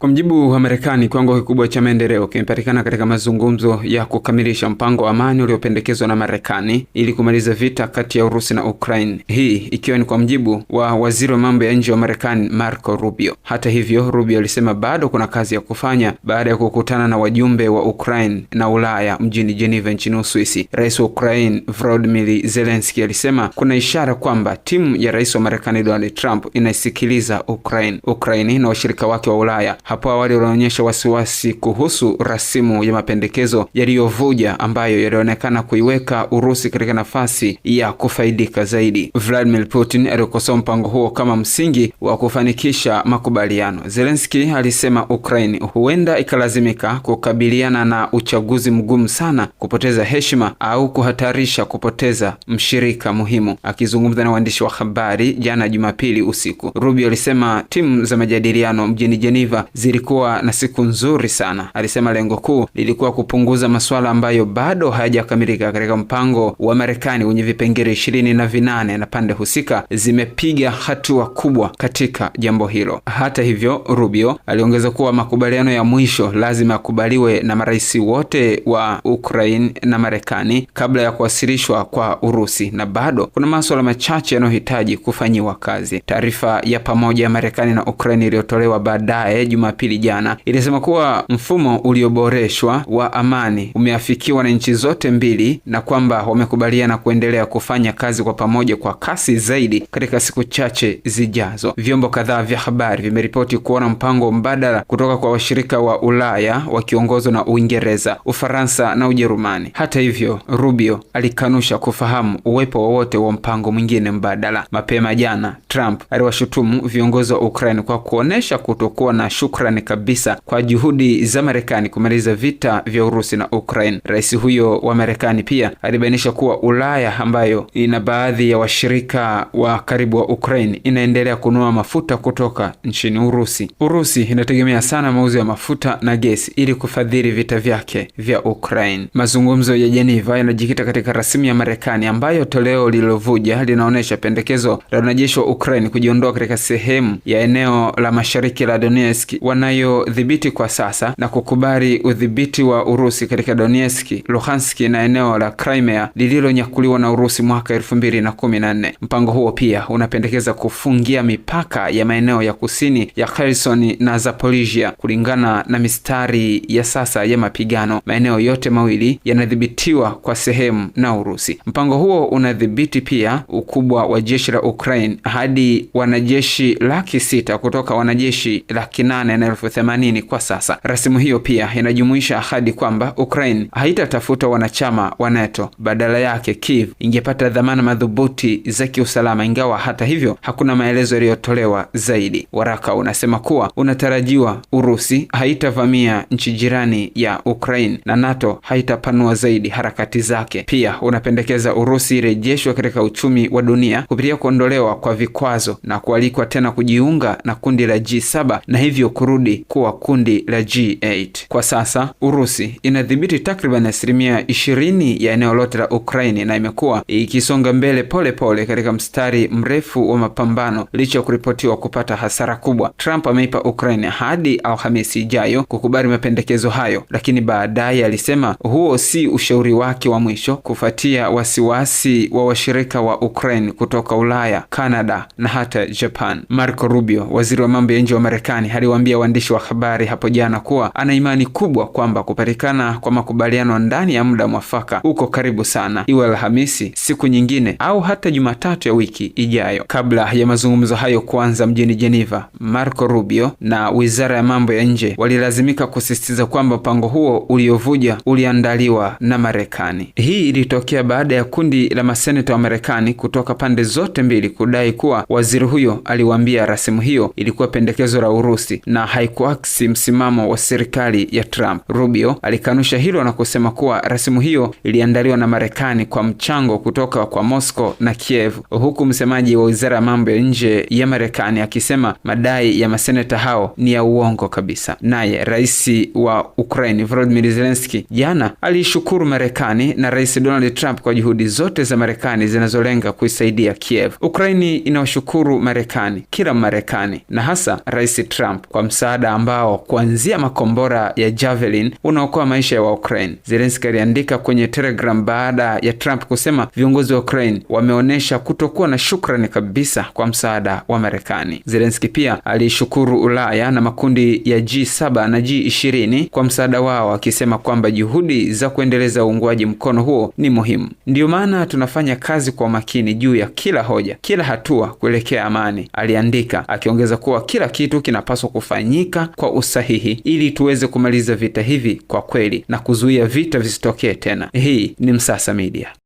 Kwa mjibu wa Marekani, kiwango kikubwa cha maendeleo kimepatikana katika mazungumzo ya kukamilisha mpango wa amani uliopendekezwa na Marekani ili kumaliza vita kati ya Urusi na Ukraine, hii ikiwa ni kwa mjibu wa waziri wa mambo ya nje wa Marekani Marco Rubio. Hata hivyo, Rubio alisema bado kuna kazi ya kufanya baada ya kukutana na wajumbe wa Ukraine na Ulaya mjini Geneva nchini Uswisi. Rais wa Ukraine Volodymyr Zelensky alisema kuna ishara kwamba timu ya rais wa Marekani Donald Trump inaisikiliza Ukraine. Ukraine na washirika wake wa Ulaya hapo awali walionyesha wasiwasi kuhusu rasimu ya mapendekezo yaliyovuja ambayo yalionekana kuiweka Urusi katika nafasi ya kufaidika zaidi. Vladimir Putin alikosoa mpango huo kama msingi wa kufanikisha makubaliano. Zelensky alisema Ukraine huenda ikalazimika kukabiliana na uchaguzi mgumu sana, kupoteza heshima au kuhatarisha kupoteza mshirika muhimu. Akizungumza na waandishi wa habari jana Jumapili usiku, Rubio alisema timu za majadiliano mjini Geneva zilikuwa na siku nzuri sana. Alisema lengo kuu lilikuwa kupunguza masuala ambayo bado hayajakamilika katika mpango wa Marekani wenye vipengele ishirini na vinane na pande husika zimepiga hatua kubwa katika jambo hilo. Hata hivyo, Rubio aliongeza kuwa makubaliano ya mwisho lazima yakubaliwe na marais wote wa Ukraine na Marekani kabla ya kuwasilishwa kwa Urusi, na bado kuna masuala machache yanayohitaji kufanyiwa kazi. Taarifa ya pamoja ya Marekani na Ukraine iliyotolewa baadaye juma Jumapili jana ilisema kuwa mfumo ulioboreshwa wa amani umeafikiwa na nchi zote mbili na kwamba wamekubaliana kuendelea kufanya kazi kwa pamoja kwa kasi zaidi katika siku chache zijazo. Vyombo kadhaa vya habari vimeripoti kuona mpango mbadala kutoka kwa washirika wa Ulaya wakiongozwa na Uingereza, Ufaransa na Ujerumani. Hata hivyo, Rubio alikanusha kufahamu uwepo wowote wa mpango mwingine mbadala. Mapema jana, Trump aliwashutumu viongozi wa Ukraine kwa kuonesha kutokuwa na shukrani Ukraine kabisa kwa juhudi za Marekani kumaliza vita vya Urusi na Ukraine. Rais huyo wa Marekani pia alibainisha kuwa Ulaya ambayo ina baadhi ya washirika wa karibu wa Ukraine inaendelea kununua mafuta kutoka nchini Urusi. Urusi inategemea sana mauzo ya mafuta na gesi ili kufadhili vita vyake vya Ukraine. Mazungumzo ya Geneva yanajikita katika rasimu ya Marekani ambayo toleo lililovuja linaonyesha pendekezo la wanajeshi wa Ukraine kujiondoa katika sehemu ya eneo la mashariki la Donetsk wanayodhibiti kwa sasa na kukubali udhibiti wa Urusi katika Donetski, Luhanski na eneo la Crimea lililonyakuliwa na Urusi mwaka elfu mbili na kumi na nne. Mpango huo pia unapendekeza kufungia mipaka ya maeneo ya kusini ya Kherson na Zaporizhia kulingana na mistari ya sasa ya mapigano. Maeneo yote mawili yanadhibitiwa kwa sehemu na Urusi. Mpango huo unadhibiti pia ukubwa wa jeshi la Ukraine hadi wanajeshi laki sita kutoka wanajeshi laki nane na kwa sasa. Rasimu hiyo pia inajumuisha ahadi kwamba Ukraine haitatafuta wanachama wa NATO. Badala yake, Kiev ingepata dhamana madhubuti za kiusalama, ingawa hata hivyo hakuna maelezo yaliyotolewa zaidi. Waraka unasema kuwa unatarajiwa Urusi haitavamia nchi jirani ya Ukraine na NATO haitapanua zaidi harakati zake. Pia unapendekeza Urusi irejeshwe katika uchumi wa dunia kupitia kuondolewa kwa vikwazo na kualikwa tena kujiunga na kundi la G7 na hivyo kurudi kuwa kundi la G8. Kwa sasa Urusi inadhibiti takriban asilimia ishirini ya eneo lote la Ukraini na imekuwa ikisonga mbele polepole pole katika mstari mrefu wa mapambano licha ya kuripotiwa kupata hasara kubwa. Trump ameipa Ukraini hadi Alhamisi ijayo kukubali mapendekezo hayo, lakini baadaye alisema huo si ushauri wake wa mwisho kufuatia wasiwasi wa washirika wa Ukraini kutoka Ulaya, canada na hata Japan. Marco Rubio, waziri wa mambo ya nje wa Marekani, aliwaambia ya waandishi wa habari hapo jana kuwa ana imani kubwa kwamba kupatikana kwa makubaliano ndani ya muda mwafaka uko karibu sana, iwe Alhamisi, siku nyingine au hata Jumatatu ya wiki ijayo. Kabla ya mazungumzo hayo kuanza mjini Geneva, Marco Rubio na wizara ya mambo ya nje walilazimika kusisitiza kwamba mpango huo uliovuja uliandaliwa na Marekani. Hii ilitokea baada ya kundi la maseneta wa Marekani kutoka pande zote mbili kudai kuwa waziri huyo aliwaambia rasimu hiyo ilikuwa pendekezo la Urusi na na haikuaksi msimamo wa serikali ya Trump. Rubio alikanusha hilo na kusema kuwa rasimu hiyo iliandaliwa na Marekani kwa mchango kutoka kwa Moscow na Kiev, huku msemaji wa wizara ya mambo ya nje ya Marekani akisema madai ya maseneta hao ni ya uongo kabisa. Naye rais wa Ukraini Volodymyr Zelensky jana aliishukuru Marekani na Rais Donald Trump kwa juhudi zote za Marekani zinazolenga kuisaidia Kiev. Ukraini inawashukuru Marekani, kila Marekani na hasa Rais Trump kwa msaada ambao kuanzia makombora ya Javelin unaokoa maisha ya wa Ukraine. Zelensky aliandika kwenye Telegram baada ya Trump kusema viongozi wa Ukraine wameonyesha kutokuwa na shukrani kabisa kwa msaada wa Marekani. Zelensky pia aliishukuru Ulaya na makundi ya G7 na G20 kwa msaada wao, akisema kwamba juhudi za kuendeleza uungwaji mkono huo ni muhimu. Ndiyo maana tunafanya kazi kwa makini juu ya kila hoja, kila hatua kuelekea amani, aliandika, akiongeza kuwa kila kitu kinapaswa kufanya kufanyika kwa usahihi ili tuweze kumaliza vita hivi kwa kweli na kuzuia vita visitokee tena. Hii ni Msasa Media.